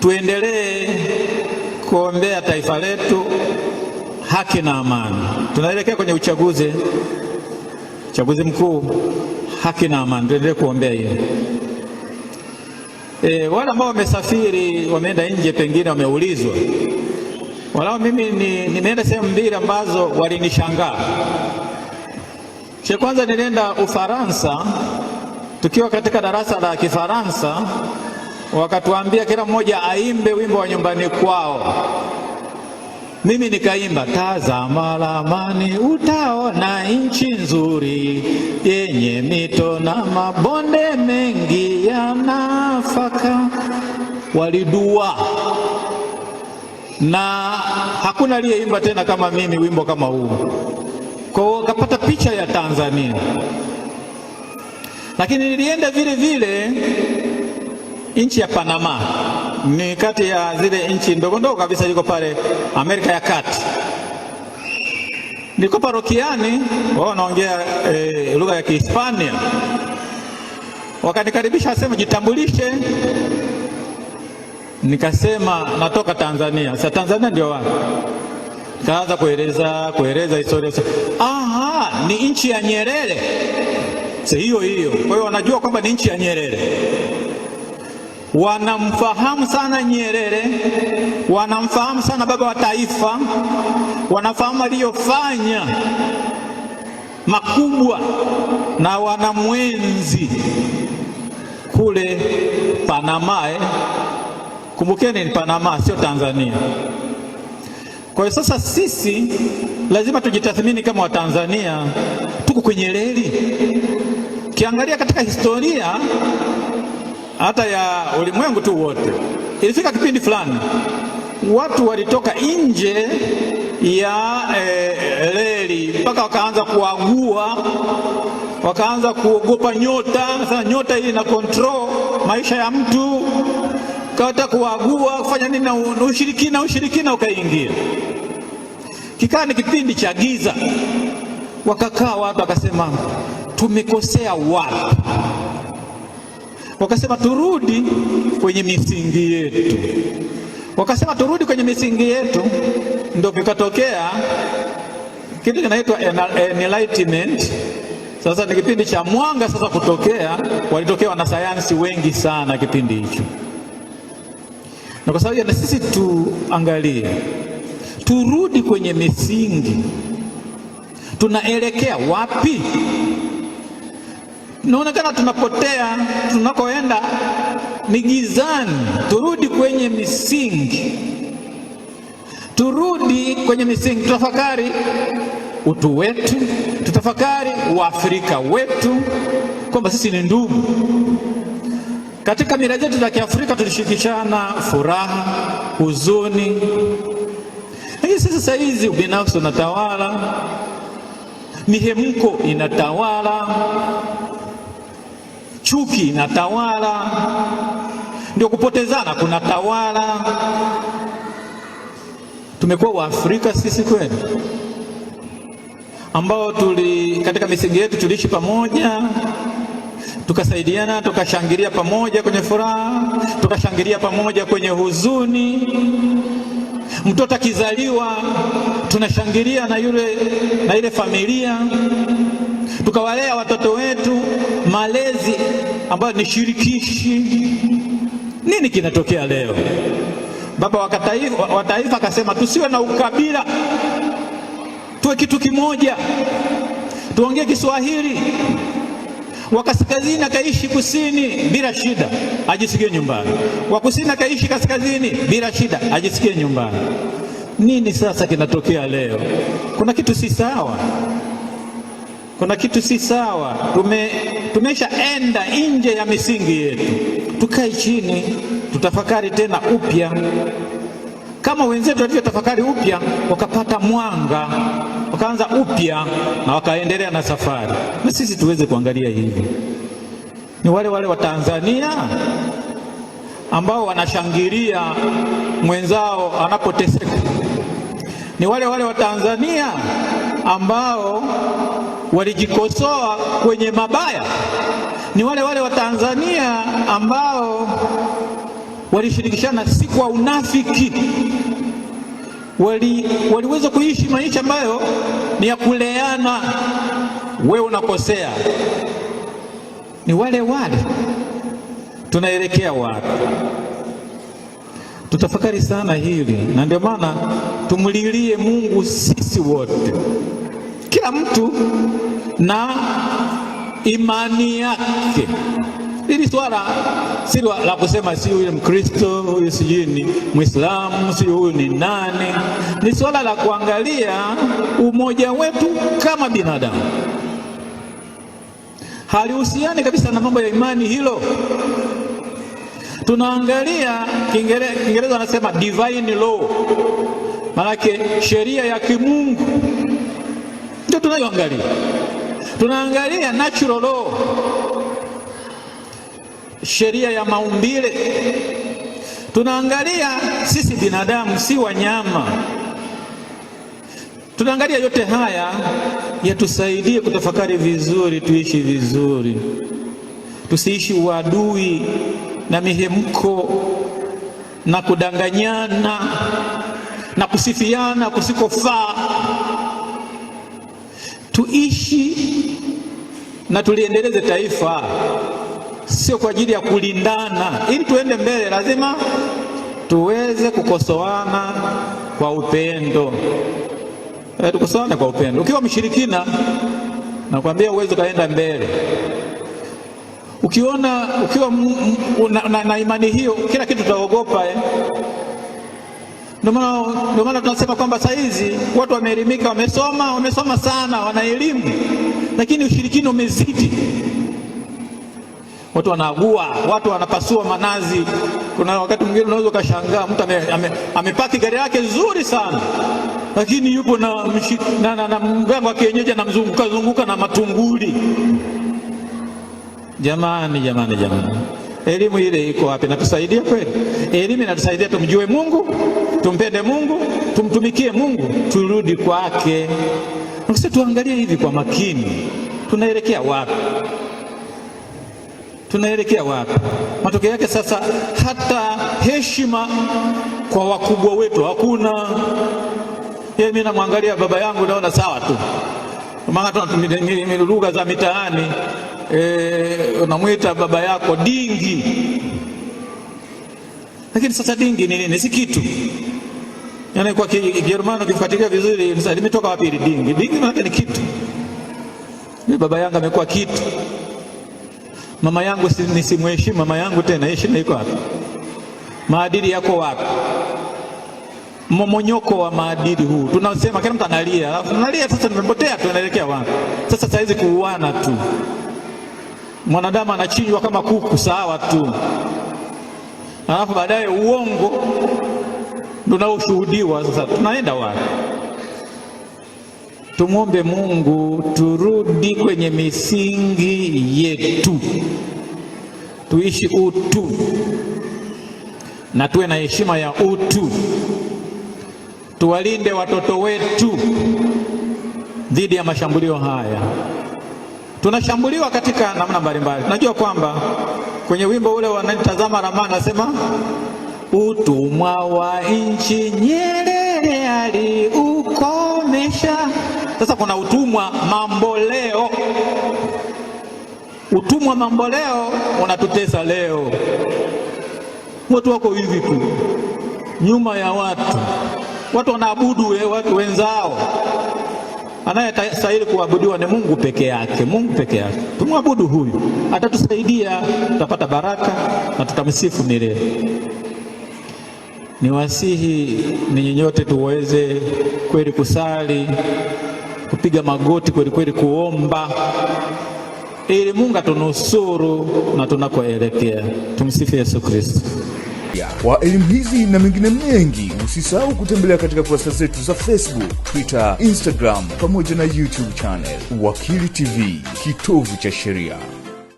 tuendelee kuombea taifa letu haki na amani. Tunaelekea kwenye uchaguzi, uchaguzi mkuu, haki na amani, tuendelee kuombea hiyo. E, wale ambao wamesafiri wameenda nje, pengine wameulizwa walao. Mimi ni, nimeenda sehemu mbili ambazo walinishangaa. Cha kwanza nilienda Ufaransa tukiwa katika darasa la Kifaransa wakatuambia kila mmoja aimbe wimbo wa nyumbani kwao. Mimi nikaimba, tazama ramani, utaona nchi nzuri yenye mito na mabonde mengi ya nafaka. Walidua na hakuna aliyeimba tena kama mimi wimbo kama huu, kwa akapata picha ya Tanzania, lakini nilienda vile vile nchi ya Panama ni kati ya zile nchi ndogo ndogo kabisa, iko pale Amerika ya Kati. Niko parokiani, wao wanaongea e, lugha ya Kihispania, wakanikaribisha asema jitambulishe, nikasema natoka Tanzania. Sasa Tanzania ndio wapi? Nikaanza kueleza kueleza historia. Aha, ni nchi ya Nyerere. Sasa hiyo hiyo, kwa hiyo wanajua kwamba ni nchi ya Nyerere wanamfahamu sana Nyerere, wanamfahamu sana baba wa taifa, wanafahamu aliyofanya makubwa na wanamwenzi kule Panama. Eh, kumbukeni ni Panama, sio Tanzania. Kwa hiyo sasa sisi lazima tujitathmini kama Watanzania, tuko kwenye reli. Ukiangalia katika historia hata ya ulimwengu tu wote. Ilifika kipindi fulani watu walitoka nje ya e, reli mpaka wakaanza kuagua, wakaanza kuogopa nyota. Sasa nyota hii ina control maisha ya mtu, kata kuagua kufanya nini, na ushirikina, ushirikina ukaingia. Kikaa ni kipindi cha giza, wakakaa watu wakasema, tumekosea wapi? wakasema turudi kwenye misingi yetu, wakasema turudi kwenye misingi yetu, ndio kikatokea kitu kinaitwa enlightenment. Sasa ni kipindi cha mwanga sasa kutokea, walitokea wanasayansi wengi sana kipindi hicho, na kwa sababu na sisi tuangalie, turudi kwenye misingi, tunaelekea wapi? Tunaonekana tunapotea, tunakoenda ni gizani. Turudi kwenye misingi, turudi kwenye misingi, tutafakari utu wetu, tutafakari uafrika wetu, kwamba sisi ni ndugu. Katika mila zetu za Kiafrika tulishirikishana furaha, huzuni, lakini sisi sasa hizi ubinafsi unatawala, mihemko inatawala chuki na tawala, ndio kupotezana kuna tawala. Tumekuwa Waafrika sisi kwenu ambao tuli katika misingi yetu tuliishi pamoja tukasaidiana tukashangilia pamoja kwenye furaha, tukashangilia pamoja kwenye huzuni. Mtoto akizaliwa tunashangilia na yule na ile familia tukawalea watoto wetu malezi ambayo ni shirikishi. Nini kinatokea leo? Baba wa taifa akasema tusiwe na ukabila, tuwe kitu kimoja, tuongee Kiswahili, wa kaskazini akaishi kusini bila shida, ajisikie nyumbani, wa kusini akaishi kaskazini bila shida, ajisikie nyumbani. Nini sasa kinatokea leo? Kuna kitu si sawa kuna kitu si sawa. Tume, tumeshaenda nje ya misingi yetu. Tukae chini, tutafakari tena upya kama wenzetu walivyotafakari upya, wakapata mwanga, wakaanza upya na wakaendelea na safari, na sisi tuweze kuangalia hivi. Ni wale wale wa Tanzania ambao wanashangilia mwenzao anapoteseka, ni wale wale wa Tanzania ambao walijikosoa kwenye mabaya ni wale wale wa Tanzania ambao walishirikishana si kwa unafiki, wali, waliweza kuishi maisha ambayo ni ya kuleana, wewe unakosea. Ni wale wale. Tunaelekea wapi? Tutafakari sana hili, na ndio maana tumlilie Mungu sisi wote. Kila mtu na imani yake. Hili swala si la kusema si huyu Mkristo, huyu sijui ni Mwislamu, si huyu ni nani. Ni swala la kuangalia umoja wetu kama binadamu. Halihusiani kabisa na mambo ya imani hilo. Tunaangalia Kiingereza wanasema divine law, maanake sheria ya kimungu ndio tunayoangalia. Tunaangalia natural law, sheria ya maumbile. Tunaangalia sisi binadamu, si wanyama. Tunaangalia yote haya yatusaidie kutafakari vizuri, tuishi vizuri, tusiishi uadui na mihemko na kudanganyana na kusifiana kusikofaa tuishi na tuliendeleze taifa, sio kwa ajili ya kulindana. Ili tuende mbele, lazima tuweze kukosoana kwa upendo. E, tukosoane kwa upendo. Ukiwa mshirikina, nakwambia uwezi ukaenda mbele. Ukiona ukiwa na, na imani hiyo, kila kitu utaogopa eh. Ndio maana tunasema kwamba saa hizi watu wameelimika, wamesoma, wamesoma sana, wana elimu, lakini ushirikino umezidi. Watu wanaagua, watu wanapasua manazi. Kuna wakati mwingine unaweza ukashangaa mtu amepaki gari yake nzuri sana, lakini yupo na na, na, na wa kienyeji anamzunguka zunguka na matunguli. Jamani, jamani, jamani, elimu ile iko wapi? Inatusaidia kweli? Elimu inatusaidia tumjue Mungu tumpende Mungu, tumtumikie Mungu, turudi kwake. Sasa tuangalie hivi kwa makini, tunaelekea wapi? Tunaelekea wapi? Matokeo yake sasa, hata heshima kwa wakubwa wetu hakuna. Yeye, mimi namwangalia baba yangu, naona sawa tu, maana tuna lugha za mitaani e, unamwita baba yako dingi, lakini sasa dingi ni nini? Si kitu. Yaani kwa Kijerumani ukifuatilia vizuri limetoka wapi hili dingi? Dingi maana ni kitu. Baba yangu amekuwa kitu, mama yangu nisimheshimu mama yangu tena, heshima iko wapi? Maadili yako wapi? momonyoko wa maadili huu tunasema, kila mtu analia, alafu analia sasa, nimepotea, tunaelekea wapi sasa? Saizi kuuana tu, mwanadamu anachinjwa kama kuku, sawa tu, alafu baadaye uongo tunaoshuhudiwa sasa, tunaenda wapi? Tumwombe Mungu turudi kwenye misingi yetu, tuishi utu na tuwe na heshima ya utu, tuwalinde watoto wetu dhidi ya mashambulio haya. Tunashambuliwa katika namna mbalimbali. Tunajua kwamba kwenye wimbo ule wanatazama ramani, nasema utumwa wa nchi Nyerere aliukomesha. Sasa kuna utumwa mamboleo. Utumwa mamboleo unatutesa leo, watu wako hivi tu nyuma ya watu, watu wanaabudu we, watu wenzao. Anayestahili kuabudiwa ni Mungu peke yake, Mungu peke yake. Tumwabudu huyu, atatusaidia tutapata baraka na tutamsifu milele niwasihi ninyi nyote tuweze kweli kusali, kupiga magoti kweli kweli, kuomba ili Mungu atunusuru na tunakoelekea. Tumsifu Yesu Kristo. Kwa elimu hizi na mengine mengi, usisahau kutembelea katika kurasa zetu za Facebook, Twitter, Instagram pamoja na YouTube channel Wakili TV, kitovu cha sheria.